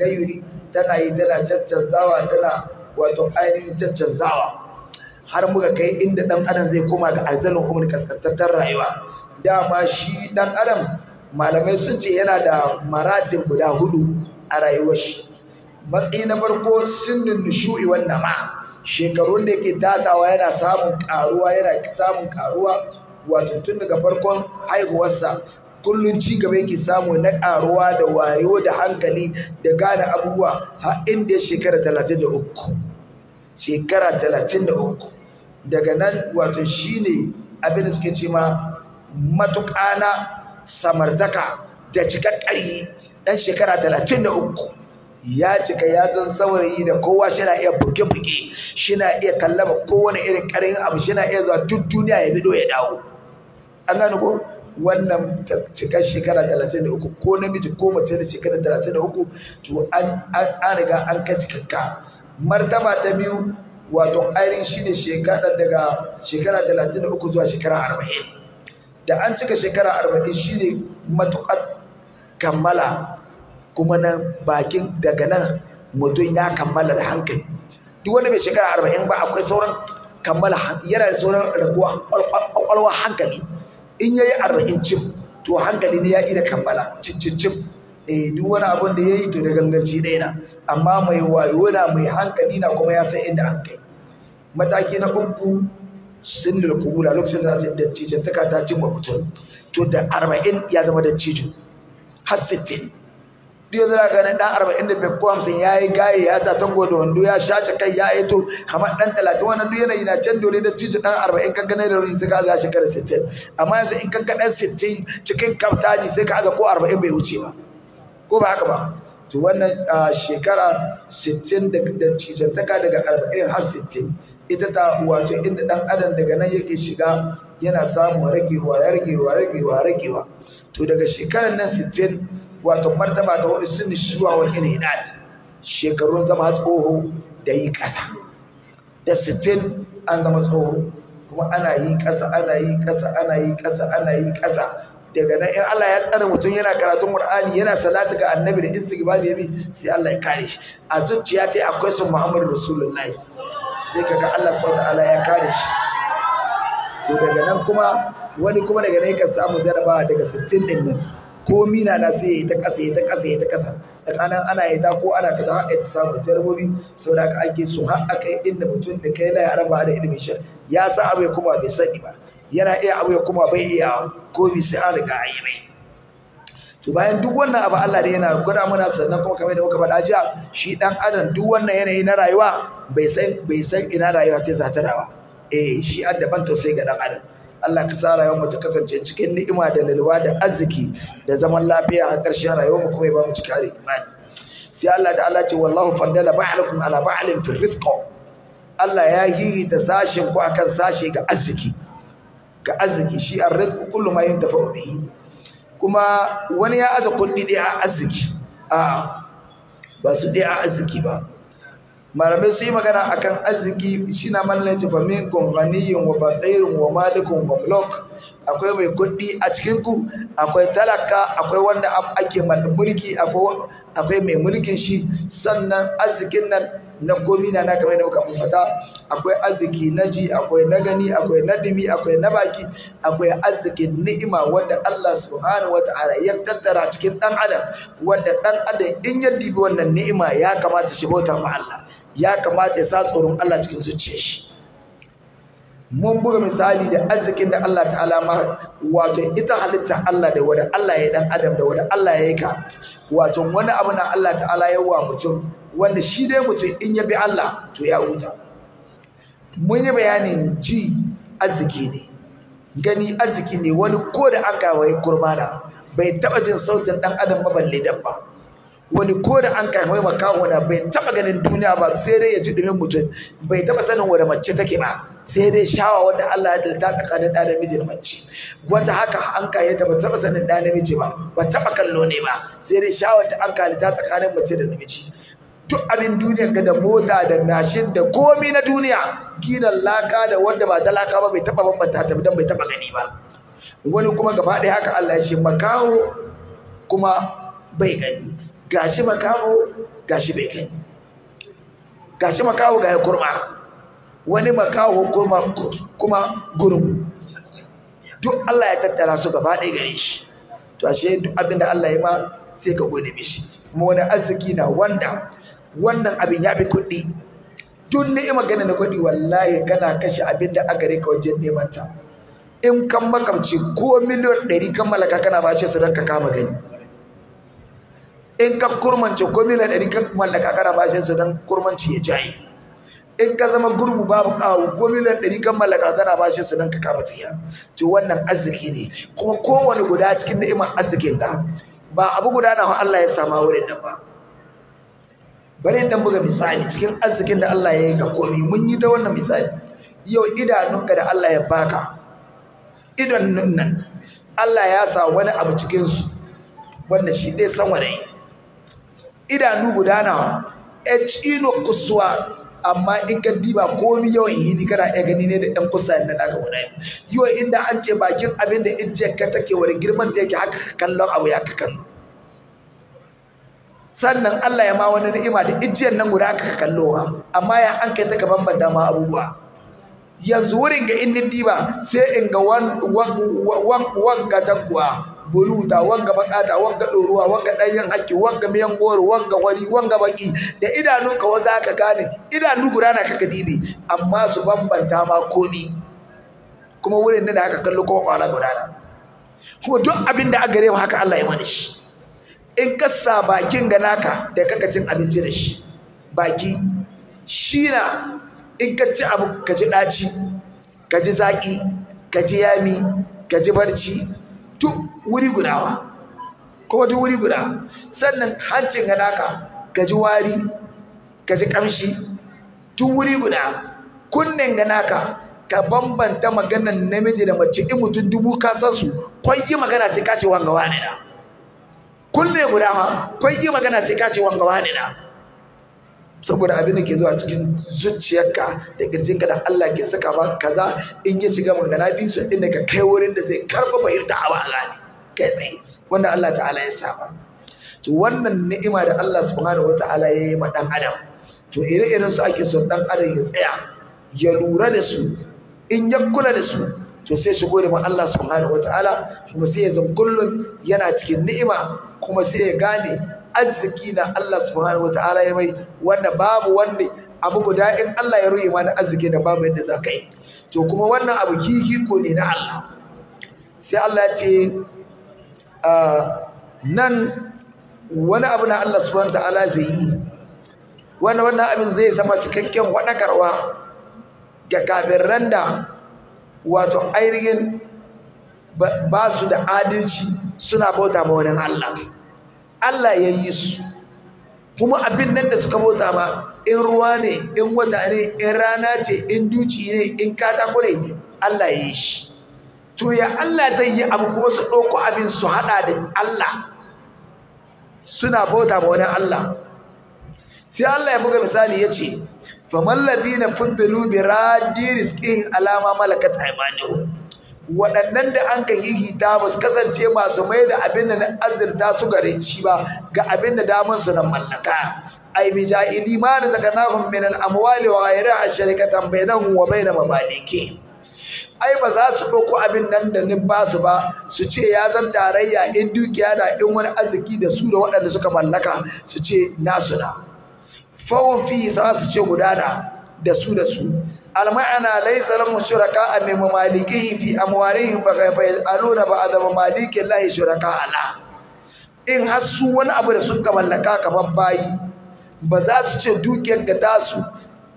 gayuri tana yi tana caccanzawa tana wato ainihin caccanzawa har muka kai inda ɗan'adam adam zai koma ga arzalin umar kaskantattar rayuwa dama shi ɗan adam malamai sun ce yana da maratin guda hudu a rayuwar shi matsayi na farko sinnin nushu'i wannan ma shekarun da yake tasawa yana samun karuwa yana samun karuwa wato tun daga farkon haihuwarsa Kullum ci gaba yake samu na karuwa da wayo da hankali da gane abubuwa ha inda ya shekara 33 shekara 33 daga nan wato shine abin da suke ce ma matuƙa na samartaka da cikar ƙarhi ɗan shekara 33 ya cika ya zan saurayi da kowa shi na iya buge-buge shi na iya kallaba kowane irin ƙarhin abu shi na iya zuwa duk duniya ya bido ya dawo an gane ko wannan cikar shekara 33 ko namiji ko mace da shekara 33 to an riga an ka cikakka martaba ta biyu wato ainihin shi ne shekara daga shekara 33 zuwa shekara 40 da an cika shekara 40 shi ne matuƙar kammala kuma nan bakin daga nan mutum ya kammala da hankali duk wanda bai shekara 40 ba akwai sauran kammala yana da sauran raguwa ƙwaƙwalwa hankali in yayi arba'in cif to hankali ne ya iya kammala cicicif eh duk wani abun da yayi to da ganganci ɗaya na amma mai wayo na mai hankali na kuma ya san inda an kai mataki na uku sun da kubura lokacin da za da cijin ta cin mutum to da arba'in ya zama da cijo har sittin duk yanzu zaka ganin dan 45 ko ya yi gaye ya sa tango da wando ya shi kai ya yi to kamar dan talatin wannan duk yanayi na can dole da titi dan arba'in kan ganin da ruwan sai ka aza shekara sittin amma yanzu in kan ga sittin cikin kaftaji sai ka aza ko arba'in bai wuce ba ko ba haka ba to wannan shekara 60 da cijantaka daga 40 har 60 ita ta wato inda dan adam daga nan yake shiga yana samun ragewa ragewa ragewa ragewa to daga shekarar nan sittin. wato martaba ta wani sun shuwa wal inhidal shekarun zama tsoho da yi ƙasa da sittin an zama tsoho kuma ana yi ƙasa ana yi ƙasa ana yi ƙasa ana yi ƙasa daga nan in Allah ya tsare mutum yana karatun Qur'ani yana salatu ga Annabi da da yabi sai Allah ya kare shi a zuciya ta akwai sun Muhammadu Rasulullahi sai kaga Allah subhanahu ta'ala ya kare shi to daga nan kuma wani kuma daga nan ka samu jarabawa daga 60 din nan ko mina na sai ya ta ƙasa ya ta ƙasa ya ta ƙasa tsakanin ana ya ta ko ana kaza har ta samu sau da aka ake su. har kai, inda mutum da kai laya ya ba da ilimin shi ya sa abu ya kuma bai sani ba yana iya abu ya kuma bai iya komi sai an riga a yi mai to bayan duk wannan abu Allah da yana gwada mana sannan kuma kamar da muka faɗa jiya shi dan adam duk wannan yanayi na rayuwa bai san ina rayuwa ce za ta rawa eh shi addaban to sai ga dan adam Allah ka sa rayuwar mu ta kasance cikin ni'ima da lalwa da arziki da zaman lafiya a ƙarshen rayuwar mu kuma ya ba mu cika da imani sai Allah da Allah ce wallahu faddala ba'alakum ala ba'alin fil rizq Allah ya yi da sashin ku akan sashi ga arziki ga arziki shi arrizqu kullu ma yuntafa'u bihi kuma wani ya aza kuɗi ɗaya a arziki a ba su ɗaya a arziki ba malamai su yi magana akan arziki shi na mallan ce fa wa wa malikun wa akwai mai kuɗi a cikin ku akwai talaka akwai wanda ake mulki akwai mai mulkin shi sannan arzikin nan na komi na kamar da muka ambata akwai arziki na ji akwai na gani akwai na dimi, akwai na baki akwai arzikin ni'ima wanda Allah subhanahu wa ta'ala ya tattara cikin dan adam wanda dan adam in ya dibi wannan ni'ima ya kamata shi bauta ma Allah ya kamata ya sa tsoron Allah cikin zuciyar shi mun buga misali da arzikin da Allah ta'ala ma wato ita halitta Allah da wani Allah ya dan adam da wani Allah ya yi ka wato wani abu na Allah ta'ala ya wa mutum wanda shi dai mutum in ya bi Allah to ya huta mun yi bayanin ji arziki ne gani arziki ne wani ko da aka waye kurmana bai taba jin sautin dan adam ba balle dabba wani ko da an kai mai makaho na bai taba ganin duniya ba sai dai ya ji dumin mutum bai taba sanin wanda mace take ba sai dai shawa wanda Allah ya dalta tsakanin da namiji da mace wata haka an kai ta ba taba sanin da namiji ba ba taba kallo ne ba sai dai shawa da an kai ta tsakanin mace da namiji duk abin duniya ga da mota da mashin da komi na duniya gina laka da wanda ba ta laka ba bai taba bambanta ta dan bai taba gani ba wani kuma gaba ɗaya haka Allah ya shi makaho kuma bai gani gashi makaho gashi bai gani gashi makaho ga ya kurma wani makaho kurma kuma gurum duk Allah ya tattara su gaba ɗaya gare shi to ashe duk abin da Allah ya ma sai ka gode mishi kuma wani arziki na wanda wannan abin ya fi kuɗi duk ima gani na kuɗi wallahi kana kashe abin da aka rika wajen neman ta in kan makamci ko miliyon ɗari kan malaka kana ba shi su ranka kama gani in ka kurmance ko miliyan ɗari kan mallaka kana bashin su don kurmanci ya jaye in ka zama gurbu babu ƙawo ko miliyan ɗari kan mallaka kana bashin su don ka kama tsiya to wannan arziki ne kuma kowane guda cikin ni'imar arzikin ka ba abu guda na Allah ya sama wurin nan ba bari dan buga misali cikin arzikin da Allah ya yi ga komai mun yi ta wannan misali yau idanunka da Allah ya baka idan nan Allah ya sa wani abu cikin su wanda shi ɗaya san wani. idanu gudana cino kusuwa amma in ka diba komi yawan hili kana iya gani ne da ɗan kusa na ga wani yau inda an ce bakin abin da ijiyar ka take wani girman da yake haka kallon abu ya ka kallo sannan Allah ya ma wani ni'ima da ijiyar nan guda ka kallo amma ya an kai ta ka banda ma abubuwa yanzu wurin ga in diba sai in ga wan buluta wagga bakata wagga doruwa wagga ɗanyen haƙƙi wagga miyan goro wagga wari wagga baki da idanunka wanda ka gane idanu guda na kaka dibi amma su bambanta ma komi kuma wurin nan aka kallo kuma kwala guda na kuma duk abin da aka mu haka Allah ya mana shi in kasa bakin ga naka da kaka cin abinci da shi baki shi na in ka abu ka ji ɗaci ka ji zaƙi ka yami kaji barci duk wuri guda ba kuma duk wuri guda sannan hancin ganaka gaji wari gaji kamshi tun wuri guda kunnen ganaka ka bambanta maganan namiji da mace in mutum dubu ka san su kwayi magana sai kace wanga wani na kunne guda ha kwayi magana sai kace wanga wani na saboda abin da ke zuwa cikin zuciyarka da kirjinka da Allah ke saka ma kaza in ya shiga magana din su inda ka kai wurin da zai karɓa fahimta a ba gani kai tsaye wanda Allah ta'ala ya saba to wannan ni'ima da Allah subhanahu wata'ala ya yi ma dan adam to ire-iren su ake son dan adam ya tsaya ya lura da su in ya kula da su to sai gode ma Allah subhanahu wata'ala kuma sai ya zama kullun yana cikin ni'ima kuma sai ya gane arziki na Allah subhanahu wata'ala ya mai wanda babu wanda abu guda in Allah ya ruye mana arziki da babu yadda za ka yi to kuma wannan abu kikiko ne na Allah sai Allah ya ce nan wani abu na Allah subhanahu ta'ala zai yi wani wannan abin zai zama cikakken wadakarwa ga kafin randa, wato ainihin ba su da adalci suna bauta ma wani Allah Allah ya yi su kuma abin nan da suka bauta ma in ruwa ne in wata ne in rana ce in duci ne in katako ne Allah ya yi shi to ya Allah zai yi abu kuma su ɗauko abin su haɗa da Allah suna bauta ma wani Allah sai Allah ya buga misali ya ce famallabi na fuddalu bi radi rizqihim alama malakat aymanuhum waɗannan da an ka hihita ba su kasance masu mai da abin da na azurta su gare ci ba ga abin da damar su na mallaka ai bi ja'ili ma da zakanahum min al-amwali wa ghayriha sharikatan bainahum wa bain mamaliki ai ba za su ɗauko abin nan da ni ba su ba su ce ya zan tarayya in dukiya da in wani arziki da su da waɗanda suka mallaka su ce nasu na fawon fi za su ce gudana da su da su alma'ana lai lahum shuraka a min mamalikihi fi amwalihim fa ba a zama maliki lai shuraka ala in har su wani abu da suka mallaka kamar bayi ba za su ce dukiyar ga tasu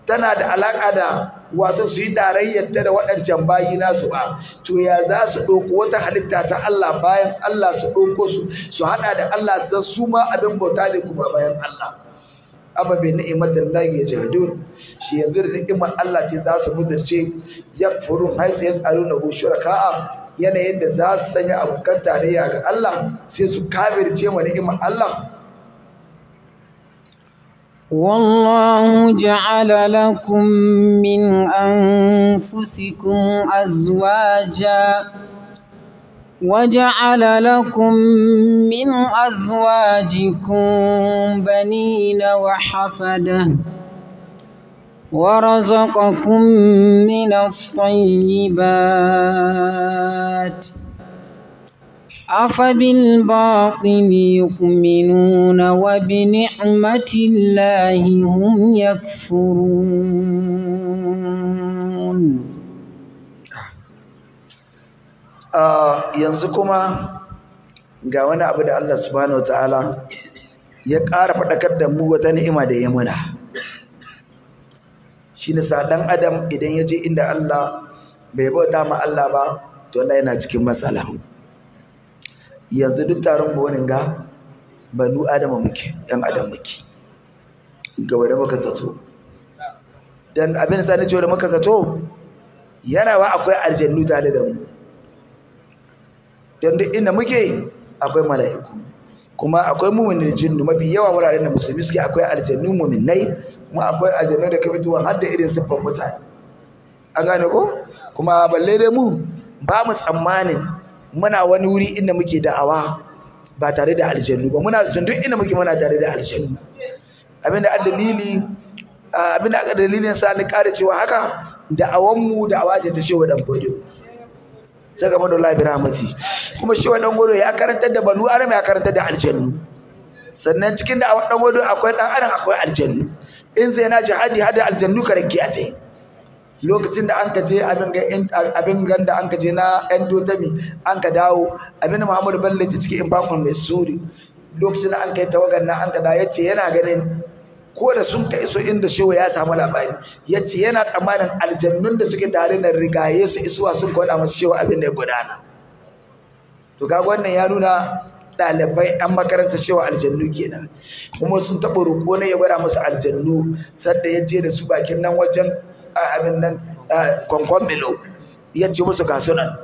tana da alaƙa da wato su yi ta da waɗancan bayi nasu ba to ya za su ɗauko wata halitta ta Allah bayan Allah su ɗauko su su haɗa da Allah su san su ma abin bauta ne kuma bayan Allah abu bai da lahi ya jihadu shi yanzu da ni'imar Allah ce za su budurce ya furun haisu ya tsaro na ka'a yanayin da za su sanya abokan tarayya ga Allah sai su kafirce ma ni'imar Allah والله جعل لكم من أنفسكم أزواجا وجعل لكم من أزواجكم بنين وحفدة ورزقكم من الطيبات ۖ أفبالباطل يؤمنون وبنعمة الله هم يكفرون آه ينزكما ga wani abu da Allah subhanahu wataala ya ƙara faɗakar da mu wata ni'ima da ya muna shi sa adam idan ya je inda Allah bai bauta ma Allah ba to Allah yana cikin matsala yanzu duk taron mu wani ga banu adama muke yan adam muke gaba da muka zato dan abin sa ne cewa da muka zato yana wa akwai aljannu tare da mu dan duk inda muke akwai mala'iku kuma akwai mu'minin jinnu mafi yawa wuraren da musulmi suke akwai aljannu mu'minai kuma akwai aljannu da kafituwan har da irin siffar mutane an gane ko kuma balle dai mu ba mu tsammanin muna wani wuri inda muke da'awa ba tare da aljannu ba muna duk inda muke muna tare da aljannu abinda dalili abinda aka dalilin sa ni kare cewa haka mu da'awa ce ta shewa dan bodo ta gaba da labi rahmati kuma shewa dan bodo ya karantar da banu arama ya karantar da aljannu sannan cikin da'awan dan bodo akwai dan adam akwai aljannu in zai na jihadi hada aljannu ka rage a ta lokacin da an ka je abin ganda an ka je na yan dotami an ka dawo abin muhammadu bello ta cikin imbakon mai suri lokacin da an ka yi tawagar na an ka dawo ya ce yana ganin ko da sun ka iso inda shewa ya samu labari ya ce yana tsammanin aljannun da suke tare na rigaye su isuwa sun kwaɗa masu shewa abin da ya gudana to kaga wannan ya nuna ɗalibai an makaranta shewa aljannu kenan kuma sun taɓa roƙo na ya gwada masu aljannu sadda ya je da su bakin nan wajen abin nan kwankwan bilo ya ce musu nan.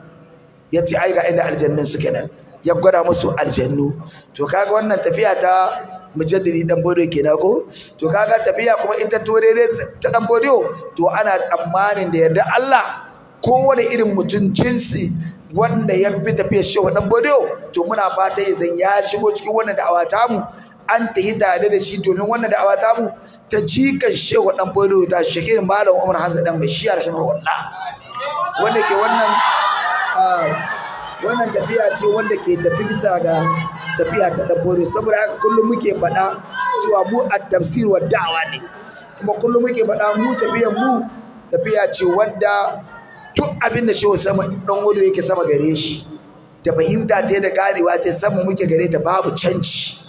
ya ce ai ga inda aljannun suke nan ya gwada musu aljannu to kaga wannan tafiya ta mujaddidi dan bodo kenan ko to kaga tafiya kuma ita torere ta dan bodo to ana tsammanin da yarda Allah ko wani irin mutum jinsi wanda ya bi tafiyar wa dan bodo to muna fata ya ya shigo cikin wannan da'awa mu an ta yi tare da shi domin wannan da'awa ta mu ta jikan shehu dan bodo ta shekir malam umar hanza dan mai shi rahimahullah wanda ke wannan ah, wannan tafiya ce wanda ke tafi bisa ga tafiya ta dan bodo saboda haka kullum muke faɗa cewa mu a tafsir wa da'awa ne kuma kullum muke faɗa mu tafiyar mu tafiya ce wanda duk abin da shehu sama dan bodo yake sama gare shi ta fahimta ce da karewa ta sama muke gare ta babu canci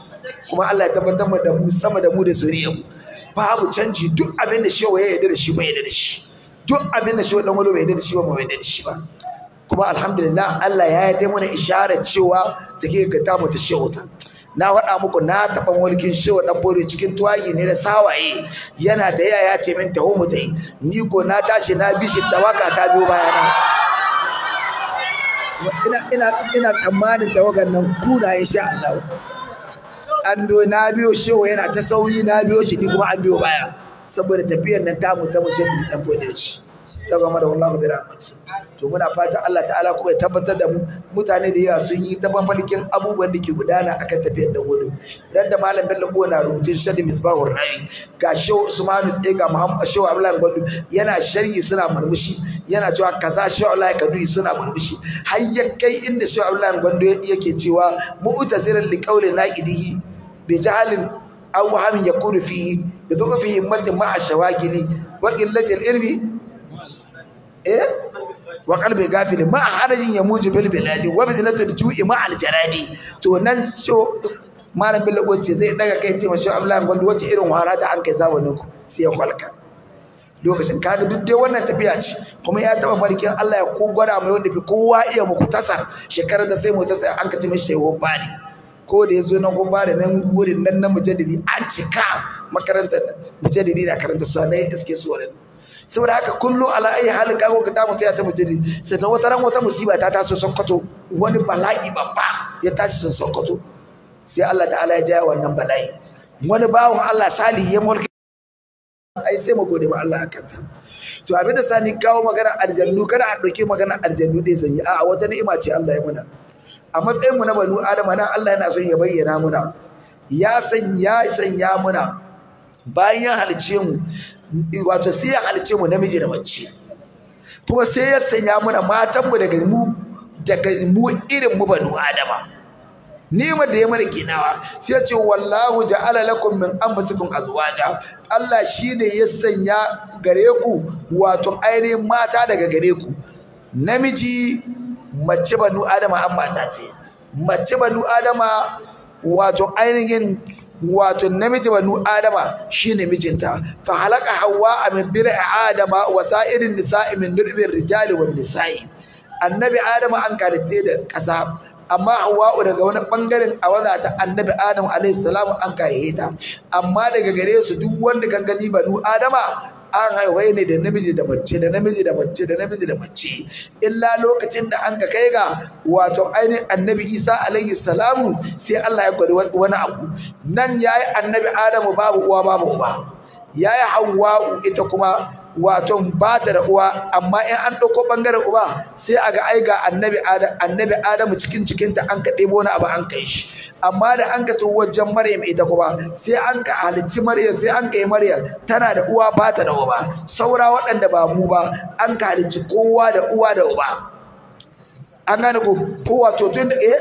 kuma Allah ya tabbatar da mu sama da mu da mu babu canji duk abin da shewa ya yarda da shi ba yarda da shi duk abin da shewa dan wani bai yarda da shi ba ba yarda da shi ba kuma alhamdulillah Allah ya yarda mana isharar cewa take ga ta mu ta shewa ta na faɗa muku na taɓa mulkin shewa dan bore cikin tuwayi ne da sawaye yana da yaya ce min taho mu ta yi ni ko na tashi na bi shi tawaka ta biyo bayana ina ina ina tsammanin tawagan nan kuna insha Allah an biyo na biyo shehu yana ta sauri na biyo shi ni kuma an biyo baya saboda tafiyar nan tamu ta mu da dan shi ta ga da wallahi bi rahmati to muna fata Allah ta'ala kuma ya tabbatar da mutane da yawa sun yi ta mafalkin abubuwan da ke gudana akan tafiyar dan gudu idan da malam Bello ko na rubutun shadi misbahur rai ga shehu Usman eh, ga Muhammad shehu Abdullahi gudu yana sharhi suna murmushi yana cewa kaza shehu Allah Kaduri suna murmushi har ya kai inda shehu Abdullahi gudu yake cewa mu'tazirin liqauli naqidihi bi jahalin aw wahamin fi da bi fi himmati ma'a shawagili wa qillati al-ilmi eh wa qalbi gafil ma harajin yamuju bil biladi wa bizinatu al-ju'i ma'a al-jaradi to nan so malam bello goce zai daga kai ce mashi ablan wanda wacce irin wahala da an kai zamanin ku sai ya kwalka lokacin kaga duk dai wannan tafiya ce kuma ya taba barkin Allah ya ko gwada mai wanda fi kowa iya muku tasar shekarar da sai mu tasar an kace ce mai shehu bani ko da ya zo na goba da nan wurin nan na mujallidi an cika makarantar mujallidi na karanta su na iske su wurin saboda haka kullum ala ayi halin kago ka tamu ta mujallidi sannan wata ran wata musiba ta taso sokoto wani bala'i babba ya tashi sun sokoto sai Allah ta'ala ya jaya wannan bala'i wani bawon Allah Salihu ya mulki ai sai mu gode ma Allah akan ta to da sani kawo magana aljannu kada a dauke magana aljannu dai zai a wata ni'ima ce Allah ya muna a matsayinmu na banu adama nan Allah yana son ya bayyana muna ya san ya sanya muna bayan halice mu wato sai ya halice mu namiji da mace kuma sai ya sanya muna matan mu daga mu daga mu irin mu banu adama nima da ya mana kinawa sai ya ce wallahu ja'ala lakum min anfusikum azwaja Allah shine ya sanya gare ku wato ainihin mata daga gare ku namiji mace banu adama an mata ce mace banu adama wato ainihin wato namiji banu adama shine mijinta fa halaka hawa min bil adama wa sa'irin nisa'i min durbin rijali wan nisa'i annabi adama an kalite da kasa amma hawa daga wani bangaren a waza ta annabi adam alaihi salam an kahe amma daga gare su duk wanda kan gani banu adama an haihuwa ne da namiji da mace da namiji da mace da namiji da mace illa lokacin da an ka kai ga wato ainihin annabi isa alaihi salamu sai allah ya gwada wani abu nan ya yi annabi adamu babu uwa babu uba ya yi hawa ita kuma wato ba ta da uwa amma in an ɗauko ɓangaren uba sai a ga ai ga annabi annabi adamu cikin cikinta an ka ɗebo wani abu an kai shi amma da an ka turo wajen maryam ita kuma sai an ka halicci maryam sai an ka yi maryam tana da uwa ba ta da uba saura waɗanda ba mu ba an ka halicci kowa da uwa da uba an gane ko kowa wato tun da eh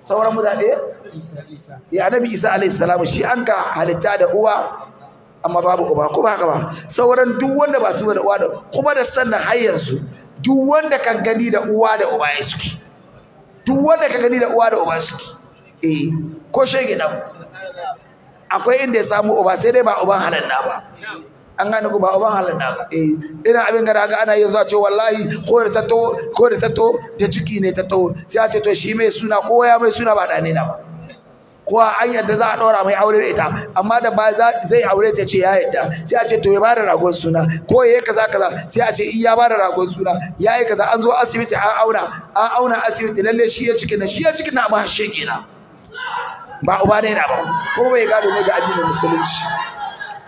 sauran mutane eh annabi isa alaihi salamu shi an ka halitta da uwa amma babu uba ko ba ba sauran duk wanda ba su da uwa da kuma da sannan har yanzu duk wanda kan gani da uwa da uba ya suke duk wanda kan gani da uwa da uba suke eh ko shege nan akwai inda ya samu uba sai dai ba uban na ba an gane ku ba uban na ba eh ina abin ga daga ana yanzu a ce wallahi ko da tato ko da tato da ciki ne tato sai a ce to shi mai suna ko ya mai suna ba dane na ba ko an yadda za a ɗora mai aure ita amma da ba zai aure ta ce ya yadda sai a ce to ya ba da ragon suna ko ya yi kaza kaza sai a ce iya ba da ragon suna ya yi kaza an zo asibiti an auna an auna asibiti lalle shi ya cikin na shi ya cikin na amma shi kenan ba uba ne na ba kuma bai gado ne ga addinin musulunci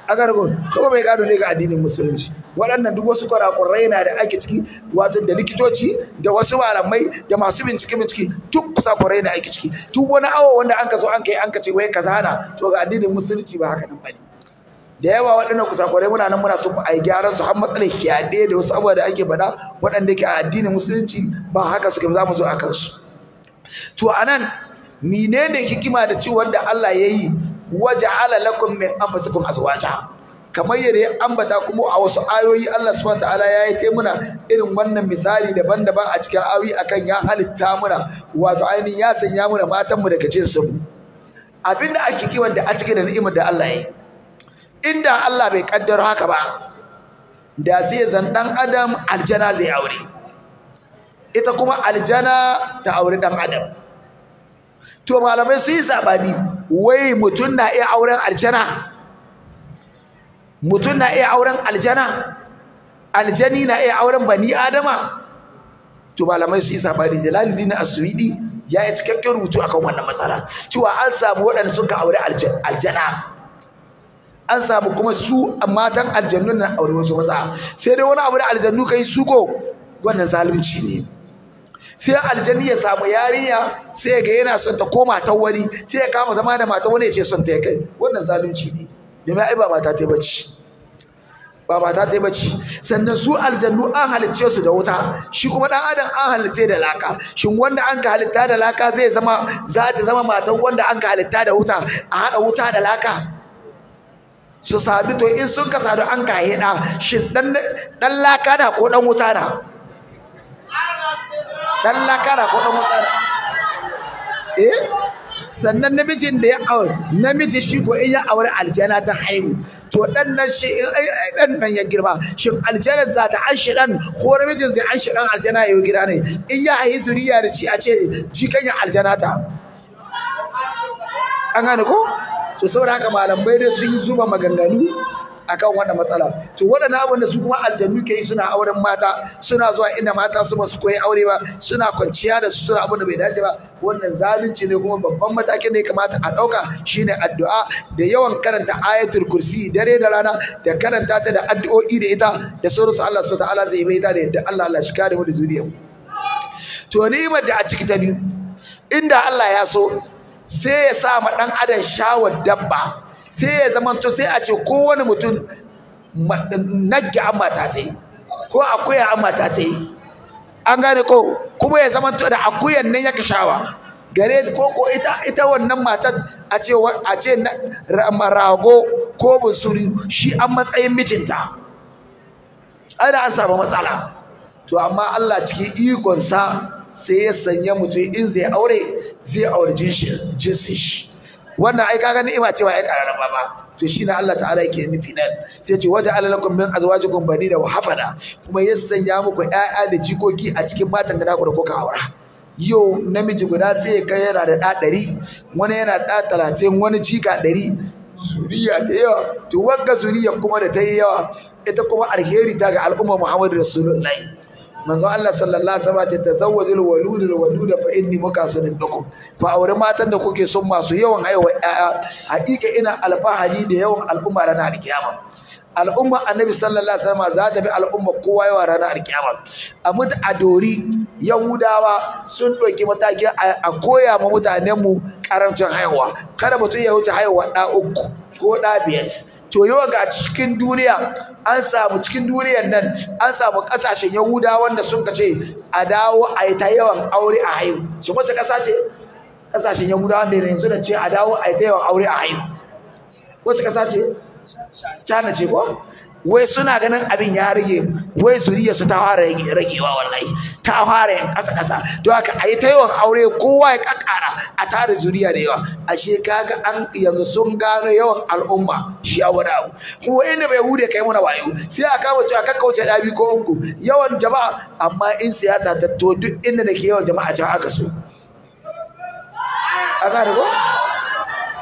aka rago kuma bai gado ne ga addinin musulunci waɗannan duk wasu kurakurai na da ake ciki wato da likitoci da wasu malamai da masu bincike bincike duk kwarai na ake ciki duk wani awo wanda an ka zo an kai an ka ce wai kaza na to ga addinin musulunci ba haka nan bane da yawa waɗannan kwarai muna nan muna so a yi gyaran su har matsalar kiyade da wasu abubuwa da ake faɗa waɗanda ke a addinin musulunci ba haka suke za mu zo a kansu to anan menene hikima da ciwon da Allah ya yi waja'ala lakum min anfusikum azwaja kamar yadda ya ambata kuma a wasu ayoyi Allah subhanahu ta'ala ya yi muna irin wannan misali daban-daban a cikin ayoyi akan ya halitta muna wato ainihin ya sanya muna matan mu daga jinsu mu abinda ake kiwon da a cikin da ni'imar da Allah ya inda Allah bai kaddara haka ba da sai zan dan adam aljana zai aure ita kuma aljana ta aure dan adam to malamai su yi sabani wai mutum na iya auren aljana mutum na iya auren aljana aljani na iya auren bani adama to malamai su yi sabani jalaluddin aswidi ya yi cikakken rubutu akan wannan matsala cewa an samu waɗanda suka aure aljana an samu kuma su matan aljannun na aure wasu maza sai dai wani abu da aljannu kai ko wannan zalunci ne sai aljani ya samu yarinya sai ga yana son ta koma ta wani sai ya kama zama da mata wani ya ce son ta ya kai wannan zalunci ne domin ai ba mata ta bacci ba mata ta bacci sannan su aljannu an halicce su da wuta shi kuma dan adam an halitte da laka shin wanda an ka halitta da laka zai zama za ta zama matan wanda an ka halitta da wuta a hada wuta da laka su sadu to in sun ka sadu an ka hida shin dan laka na ko dan wuta na dan lakara ko dan mutara eh sannan namijin da ya aure namiji shi ko in ya aure aljana ta haihu to dan nan shi eh, eh, dan nan ya girma shin aljana za ta an dan ko namijin zai an dan aljana ya gira ne in ya haihu zuriya da shi a ce kan ya aljana ta an gane ko to saboda haka malamai dai sun zuba maganganu akan wannan matsala to waɗannan abin da su kuma aljannu ke yi suna auren mata suna zuwa inda mata su ba su koyi aure ba suna kwanciya da su suna abin da bai dace ba wannan zalunci ne kuma babban matakin da ya kamata a ɗauka shine addu'a da yawan karanta ayatul kursi dare da rana da karanta ta da addu'o'i da ita da sauransu Allah subhanahu ta'ala zai mai ta da yadda Allah Allah shi kare mu da zuriyar to ni'imar da a ciki ta biyu inda Allah ya so sai ya sa ma dan adam shawar dabba sai ya zamanto sai a ce kowane mutum nagge an mata ta yi ko akuya an mata ta yi an gane ko kuma ya zamanto da akuyan nan ya kashawa gare ko ko ita wannan matar a ce a rago ko busuri shi an matsayin mijinta ana an samu matsala to amma Allah cikin ikonsa sai ya sanya mutum in zai aure zai aure jinsin shi wannan ai kaga ni'ima cewa ai kararan ba to shi na Allah ta'ala yake nufi nan sai ce waja alalakum min azwajikum banina wa hafada kuma ya sanya muku ƴaƴa da jikoki a cikin matan da ku da kuka aura yau namiji guda sai kai yana da ɗa ɗari wani yana ɗa talatin wani jika ɗari zuriya da yawa to wagga zuriya kuma da ta yi yawa ita kuma alheri ta ga al'ummar muhammadu rasulullahi manzo Allah sallallahu alaihi wasallam ce tazawwajul waludul waluda fa inni mukasirin bikum ku aure matan da kuke son masu yawan haihuwa ƴaƴa hakika ina alfahari da yawan al'umma ranar alkiyama al'umma annabi sallallahu alaihi wasallam za ta bi al'umma kowa yawa ranar alkiyama amma a adori yahudawa sun ɗauki matakin a koya ma mu karancin haihuwa kada mutum ya wuce haihuwa ɗa uku ko ɗa biyar to yau ga cikin duniya an samu cikin duniyar nan an samu kasashen yahuda wanda sun ce a dawo a yi ta yawan aure a hayu shi wace kasa ce kasashen yahuda wanda yanzu da ce a dawo a yi ta yawan aure a hayu wace kasa ce China ce ko wai suna ganin abin ya rage wai zuriya su ta fara ragewa wallahi ta fara yin kasa kasa to haka a yi ta yawan aure kowa ya kakkara a tare zuriya da yawa ashe kaga an yanzu sun gano yawan al'umma shi a wani abu ko inda bai hude kai muna wayo sai a kama cewa kakka wuce bi ko uku yawan jama'a amma in siyasa ta to duk inda nake yawan jama'a can aka so a da ko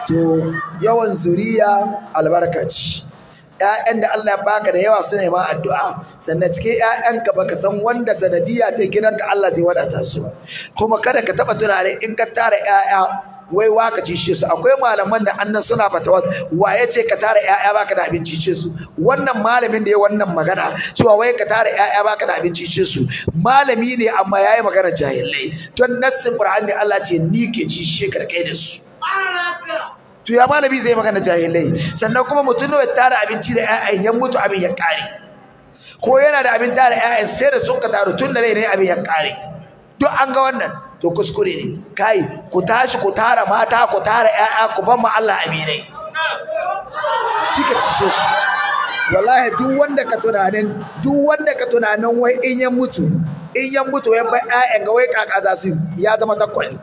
to yawan zuriya albarkaci. ƴaƴan da Allah ya baka da yawa suna ma addu'a sannan cikin ka baka san wanda sanadiya ta ka Allah zai wadata su kuma kada ka taba turare in ka tara ƴaƴa wai waka cishe su akwai malaman da annan suna fatawa ya ce ka tara ƴaƴa baka da abin cice su wannan malamin da ya wannan magana cewa wai ka tara ƴaƴa baka da abinci cice su malami ne amma ya yi magana jahilai to nassin qur'ani Allah ce ni ke cishe karkai da su to ya malami zai magana jahilai sannan kuma mutum ne ya tara abinci da ƴaƴan ya mutu abin ya kare ko yana da abin tara ƴaƴan sai da sun ka taru tun da rai ne abin ya kare duk an ga wannan to kuskure ne kai ku tashi ku tara mata ku tara ƴaƴa ku ban ma Allah aminai shi ka cishe su wallahi duk wanda ka tunanin duk wanda ka tunanin wai in ya mutu in ya mutu wai bar ƴaƴan ga wai kaka za su ya zama takwali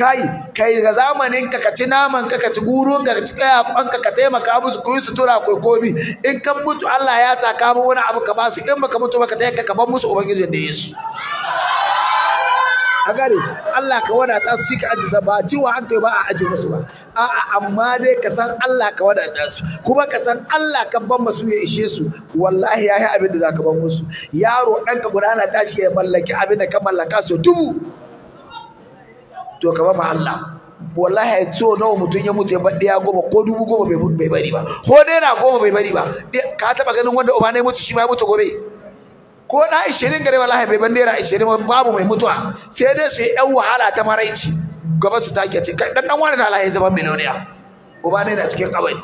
kai kai ga zamanin ka ka ci naman ka ka ci gurun ka ka ci kayakon ka ka taimaka musu ku yi sutura ku komi in kan mutu Allah ya saka mu wani abu ka ba su in baka mutu baka ta ka bar musu ubangiji da yesu a gare Allah ka wadata su shi ka ajiye ba jiwa an kai ba a aji musu ba a'a amma dai ka san Allah ka wadata su kuma ka san Allah ka ban musu ya ishe su wallahi yayi abin da zaka ban musu yaro ɗanka gudana tashi ya mallaki abin da ka mallaka su dubu to ka ba ma Allah wallahi so nawa mutum ya mutu ya bar ya goma ko dubu goma bai bari ba ko naira goma bai bari ba ka taɓa ganin wanda uba ne mutu shi ma mutu gobe ko na 20 gare wallahi bai ban naira ishirin babu mai mutuwa sai dai su yi wahala ta maraici gaba su take ce kai dan dan wani da Allah ya zama miliyoniya uba ne na cikin kabari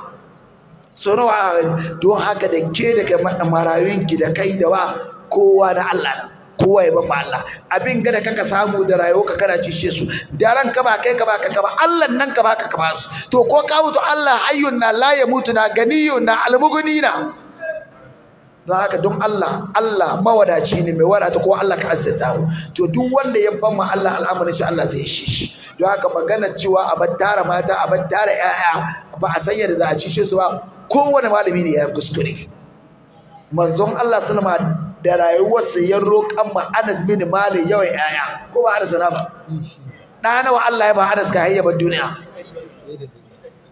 so nawa don haka da ke daga ki da kai da wa kowa na Allah ne kowa ya bamba Allah abin gada kaka samu da rayuwa ka kana cishe su da ran ka ba kai ka ba ka ka ba Allah nan ka ba ka ka ba su to ko ka mutu Allah hayyun na la mutu na ganiyun na almuguni na don haka don Allah Allah mawadaci ne mai wadata ko Allah ka azurta mu to duk wanda ya bamba Allah al'amarin shi Allah zai shi shi don haka magana cewa a bar tara mata a bar tara ƴaƴa ba a san yadda za a cishe su ba kowane malami ne ya kuskure manzon Allah sallama da rayuwarsa ya roƙan ma Anas bin Malik yawan yaya ko ba Anas na ba na nawa Allah ya ba Anas ka hayya bar duniya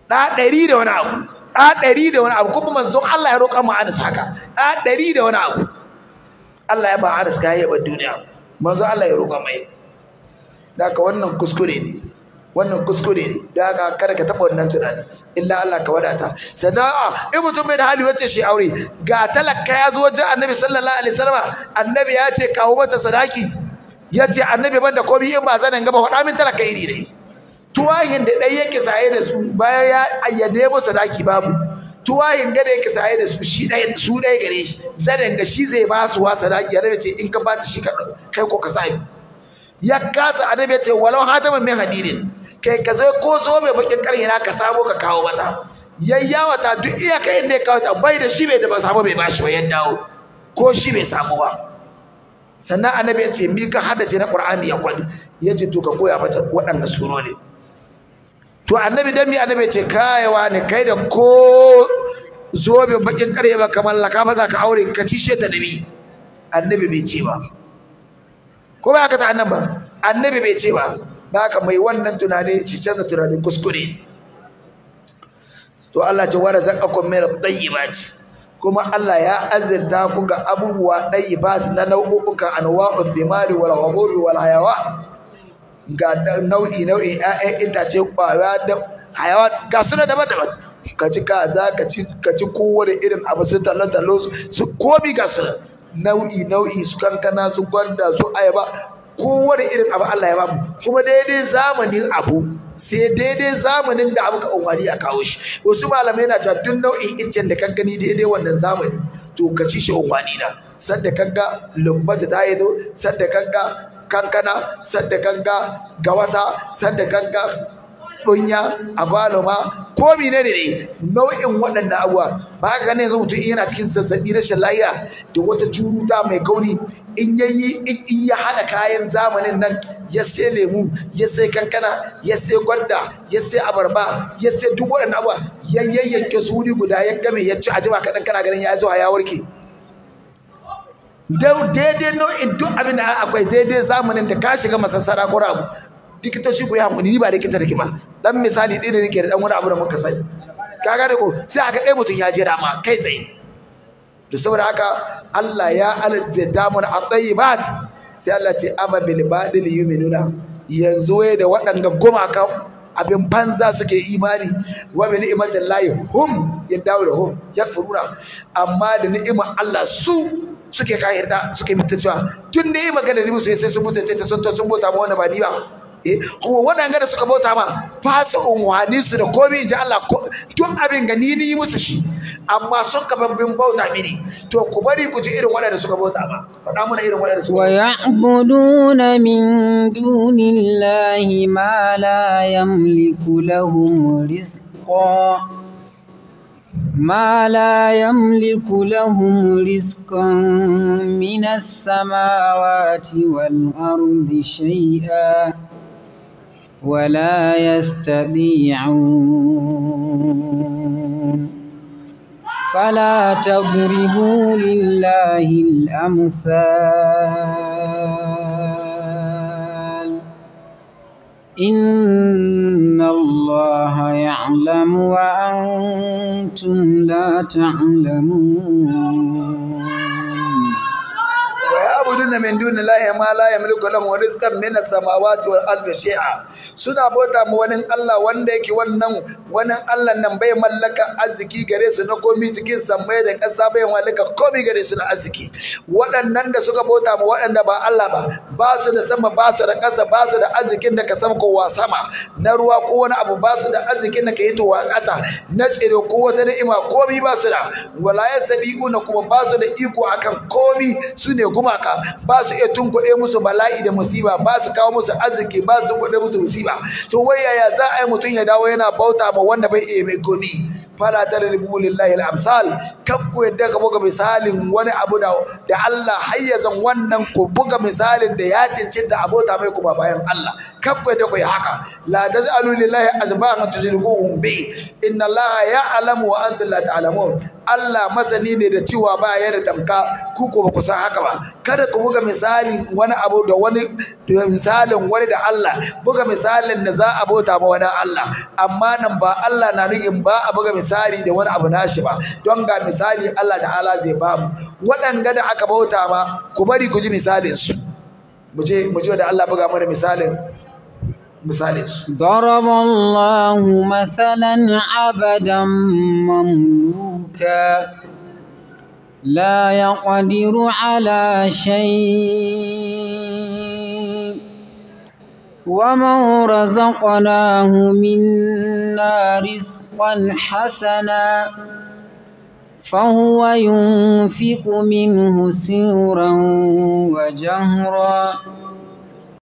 da ɗari da wani abu da ɗari da wani abu kuma manzon Allah ya roƙan ma Anas haka da ɗari da wani abu Allah ya ba Anas ka hayya bar duniya manzon Allah ya roƙa mai da ka wannan kuskure ne wannan kuskure ne don haka kada ka taɓa wannan tunani illa Allah ka wadata sana'a ah, in mutum bai da hali wacce shi aure ga talaka ya zo wajen annabi sallallahu alaihi wasallam annabi ya ce kawo mata sadaki ya ce annabi banda komai in ba zanen gaba faɗa min talaka iri ne tuwahin da ɗai yake saye da su bayan ya ayyade mu sadaki babu tuwahin gada yake saye da su shi ɗaya su ɗaya gare shi zanen ga shi zai ba su wa sadaki ya rabe ce in ka ba ta shi kai ko ka sami ya kasa annabi ya ce walau hataman min hadirin kai ka zo ko zo mai bakin karhi na ka samo ka kawo mata yayyawa ta duk iyaka inda ya kawo ta bai da shi bai da ba samu bai bashi ba ya dawo ko shi bai samu ba sannan annabi ya ce mi ka haddace na qur'ani ya kwadi ya ce to ka koya mata waɗanda ne. to annabi dan mi annabi ya ce kayawa ne kai da ko zobe bakin karhe ba kamar laka ba za ka aure ka ci ta nabi annabi bai ce ba ko ba ka ta annaba ba annabi bai ce ba da haka mai wannan tunani shi canza tunanin kuskure to Allah ce wara zakakum min at-tayyibat kuma Allah ya azirta ku ga abubuwa su na nau'uka, anwa'u thimari wal huburi wal hayawa ga nau'i nau'i ƴaƴan itace kwaya da hayawa ga suna daban-daban ka ci za ka ci ka ci kowane irin abu su tallo tallo su komi ga suna nau'i nau'i su kankana su gwanda su ayaba kowane irin abu Allah ya bamu kuma daidai zamanin abu sai daidai zamanin da abu ka umarni a kawo shi wasu malamai na cewa duk nau'in iccen da ka gani daidai wannan zamani to ka ci shi umarni na sadda kanga da ta yi sadda kanga kankana sadda ga gawasa sadda kanga dunya abaluma ko mine ne ne nau'in waɗannan abuwa ba ka ne zan mutum yana cikin zazzabi rashin lafiya da wata juruta mai gauni in ya in ya hada kayan zamanin nan ya sai lemu ya sai kankana ya sai gwanda ya sai abarba ya sai duk waɗannan abuwa ya yayyanke su wuri guda ya game ya ci ajiba kaɗan kana ganin ya zuwa ya warke daidai in duk abin da akwai daidai zamanin da ka shiga masassara ko abu likitoci ku yi hankali ni ba likita da ke ba dan misali ɗaya da nake da dan wani abu da muka sai ka gane ko sai aka ɗaya mutum ya jira ma kai tsaye to saboda haka Allah ya alta mun at-tayyibat sai Allah ce aba bil badil yu'minuna yanzu waye da waɗanda gumakan abin banza suke imani wa bi ni'matil lahi hum hum yakfuruna amma da ni'imar Allah su suke kahirta suke mutuwa tun da yi magana da su sai sun mutunce ta sun ta sun bota ma wani ba ni ba Eh, kuma waɗanga da suka bauta ma fasa unwani su da komai in ji Allah tun abin ga ni ni musu shi amma sun ka bin bauta mini to ku bari ku ji irin waɗanda suka bauta ma faɗa mana irin waɗanda suka bauta. wa ya'buduna min dunillahi ma la yamliku lahum rizqan ما لا يملك لهم رزقا من السماوات والأرض شيئا ولا يستطيعون فلا تضربوا لله الأمثال إن الله يعلم وأنتم لا تعلمون yad'una min lahi ma la yamliku lahum rizqan min as-samawati wal ardi shay'a suna bauta ma wani Allah wanda yake wannan wani Allah nan bai mallaka arziki gare su na komi cikin samai da ƙasa bai mallaka komi gare su na arziki waɗannan da suka bauta ma waɗanda ba Allah ba ba su da sama ba su da ƙasa ba su da arzikin da ka sama wa sama na ruwa ko wani abu ba su da arzikin da ka yi to wa ƙasa na tsere ko wata ni'ima komi ba su da wala yasadiuna kuma ba su da iko akan komi su ne gumaka ba su iya tunkuɗe musu bala'i da musiba ba su kawo musu arziki ba su kuɗe musu musiba to wai yaya za a yi mutum ya dawo yana bauta ma wanda bai iya mai gomi fala tadribu lillahi al kan ku yadda ka buga misalin wani abu da da Allah hayyazan wannan ku buga misalin da ya cancanta abota mai kuma bayan Allah kan ku yadda ku yi haka la za'alu lillahi azbahan tujribuhum bi inna Allah ya'lamu wa antum la ta'lamun Allah masani ne da cewa ba ya da tamka ku ko ba ku san haka ba kada ku buga misalin wani abu da wani misalin wani da Allah buga misalin da za a bauta ba wani Allah amma nan ba Allah na nufin ba a buga misali da wani abu nashi ba don ga misali Allah ta'ala zai ba mu waɗanda da aka bauta ma ku bari ku ji misalin su mu je mu je da Allah buga mana misalin ضرب الله مثلا عبدا مملوكا لا يقدر على شيء ومن رزقناه منا رزقا حسنا فهو ينفق منه سرا وجهرا